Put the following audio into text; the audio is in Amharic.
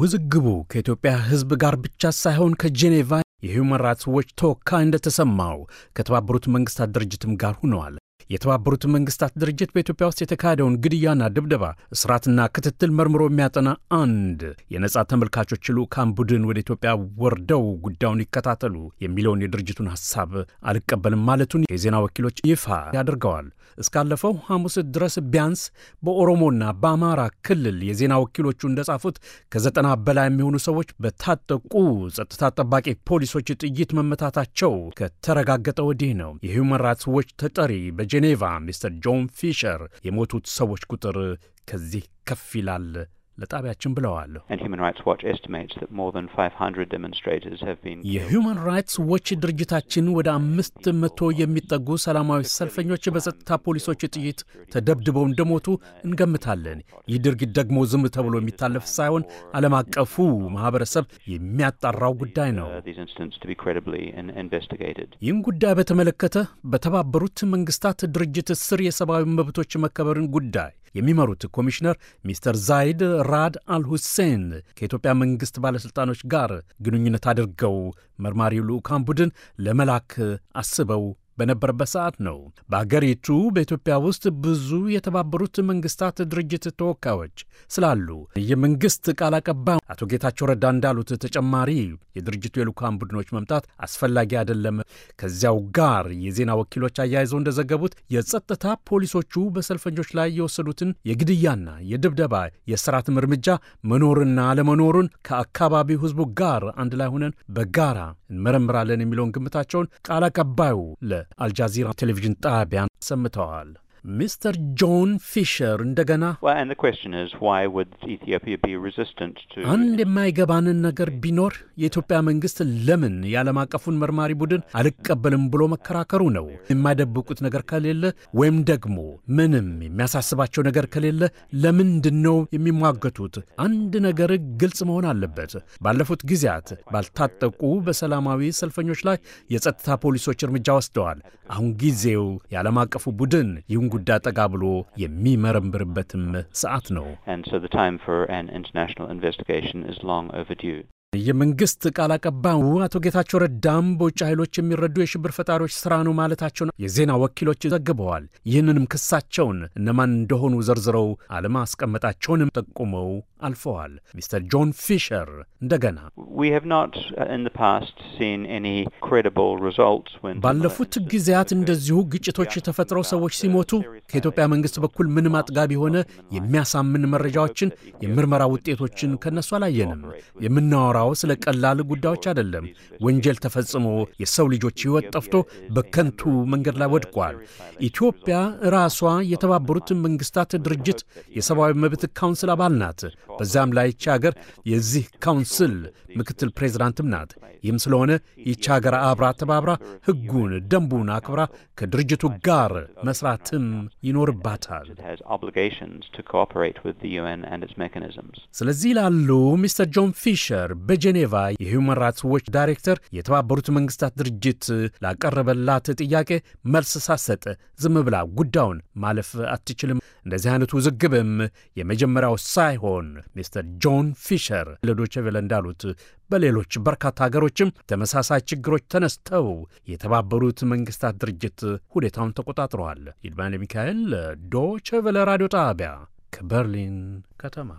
ውዝግቡ ከኢትዮጵያ ሕዝብ ጋር ብቻ ሳይሆን ከጄኔቫ የሂውማን ራይትስ ዎች ተወካይ እንደተሰማው ከተባበሩት መንግስታት ድርጅትም ጋር ሆነዋል። የተባበሩት መንግስታት ድርጅት በኢትዮጵያ ውስጥ የተካሄደውን ግድያና ድብደባ፣ እስራትና ክትትል መርምሮ የሚያጠና አንድ የነጻ ተመልካቾች ልዑካን ቡድን ወደ ኢትዮጵያ ወርደው ጉዳዩን ይከታተሉ የሚለውን የድርጅቱን ሀሳብ አልቀበልም ማለቱን የዜና ወኪሎች ይፋ ያደርገዋል። እስካለፈው ሐሙስ ድረስ ቢያንስ በኦሮሞና በአማራ ክልል የዜና ወኪሎቹ እንደጻፉት ከዘጠና በላይ የሚሆኑ ሰዎች በታጠቁ ጸጥታ ጠባቂ ፖሊሶች ጥይት መመታታቸው ከተረጋገጠ ወዲህ ነው። የሁመን ራይትስ ዎች ተጠሪ ጄኔቫ ሚስተር ጆን ፊሸር የሞቱት ሰዎች ቁጥር ከዚህ ከፍ ይላል ለጣቢያችን ብለዋል። የሁማን ራይትስ ዎች ድርጅታችን ወደ አምስት መቶ የሚጠጉ ሰላማዊ ሰልፈኞች በጸጥታ ፖሊሶች ጥይት ተደብድበው እንደሞቱ እንገምታለን። ይህ ድርጊት ደግሞ ዝም ተብሎ የሚታለፍ ሳይሆን ዓለም አቀፉ ማኅበረሰብ የሚያጣራው ጉዳይ ነው። uh, ይህን ጉዳይ በተመለከተ በተባበሩት መንግስታት ድርጅት ስር የሰብአዊ መብቶች መከበርን ጉዳይ የሚመሩት ኮሚሽነር ሚስተር ዛይድ ራድ አልሁሴን ከኢትዮጵያ መንግስት ባለሥልጣኖች ጋር ግንኙነት አድርገው መርማሪው ልዑካን ቡድን ለመላክ አስበው በነበረበት ሰዓት ነው። በአገሪቱ በኢትዮጵያ ውስጥ ብዙ የተባበሩት መንግስታት ድርጅት ተወካዮች ስላሉ የመንግስት ቃል አቀባይ አቶ ጌታቸው ረዳ እንዳሉት ተጨማሪ የድርጅቱ የልኡካን ቡድኖች መምጣት አስፈላጊ አይደለም። ከዚያው ጋር የዜና ወኪሎች አያይዘው እንደዘገቡት የጸጥታ ፖሊሶቹ በሰልፈኞች ላይ የወሰዱትን የግድያና የድብደባ የስርዓትም እርምጃ መኖርና አለመኖሩን ከአካባቢው ህዝቡ ጋር አንድ ላይ ሆነን በጋራ እንመረምራለን የሚለውን ግምታቸውን ቃል አቀባዩ ለ ለአልጃዚራ ቴሌቪዥን ጣቢያን ሰምተዋል። ሚስተር ጆን ፊሸር እንደገና አንድ የማይገባንን ነገር ቢኖር የኢትዮጵያ መንግስት ለምን የዓለም አቀፉን መርማሪ ቡድን አልቀበልም ብሎ መከራከሩ ነው። የማይደብቁት ነገር ከሌለ ወይም ደግሞ ምንም የሚያሳስባቸው ነገር ከሌለ ለምንድን ነው የሚሟገቱት? አንድ ነገር ግልጽ መሆን አለበት። ባለፉት ጊዜያት ባልታጠቁ በሰላማዊ ሰልፈኞች ላይ የጸጥታ ፖሊሶች እርምጃ ወስደዋል። አሁን ጊዜው የዓለም አቀፉ ቡድን ይሁን ጉዳይ ጠጋ ብሎ የሚመረምርበትም ሰዓት ነው። የመንግስት ቃል አቀባዩ አቶ ጌታቸው ረዳም በውጭ ኃይሎች የሚረዱ የሽብር ፈጣሪዎች ስራ ነው ማለታቸውን የዜና ወኪሎች ዘግበዋል። ይህንንም ክሳቸውን እነማን እንደሆኑ ዘርዝረው አለማስቀመጣቸውንም ጠቁመው አልፈዋል። ሚስተር ጆን ፊሸር እንደገና uh, ባለፉት ጊዜያት እንደዚሁ ግጭቶች ተፈጥረው ሰዎች ሲሞቱ ከኢትዮጵያ መንግስት በኩል ምንም አጥጋቢ የሆነ የሚያሳምን መረጃዎችን፣ የምርመራ ውጤቶችን ከነሱ አላየንም የምናወራ ስራው ስለ ቀላል ጉዳዮች አይደለም። ወንጀል ተፈጽሞ የሰው ልጆች ሕይወት ጠፍቶ በከንቱ መንገድ ላይ ወድቋል። ኢትዮጵያ ራሷ የተባበሩት መንግስታት ድርጅት የሰብአዊ መብት ካውንስል አባል ናት። በዛም ላይ ይቺ ሀገር የዚህ ካውንስል ምክትል ፕሬዚዳንትም ናት። ይህም ስለሆነ ይቺ ሀገር አብራ ተባብራ ሕጉን ደንቡን አክብራ ከድርጅቱ ጋር መስራትም ይኖርባታል። ስለዚህ ላሉ ሚስተር ጆን ፊሸር በጄኔቫ የሂውማን ራይትስ ዎች ዳይሬክተር የተባበሩት መንግስታት ድርጅት ላቀረበላት ጥያቄ መልስ ሳሰጥ ዝም ብላ ጉዳዩን ማለፍ አትችልም። እንደዚህ አይነቱ ውዝግብም የመጀመሪያው ሳይሆን ሚስተር ጆን ፊሸር ለዶቼ ቬለ እንዳሉት በሌሎች በርካታ ሀገሮችም ተመሳሳይ ችግሮች ተነስተው የተባበሩት መንግስታት ድርጅት ሁኔታውን ተቆጣጥረዋል። ይልማን ሚካኤል ዶቸቨለ ራዲዮ ጣቢያ ከበርሊን ከተማ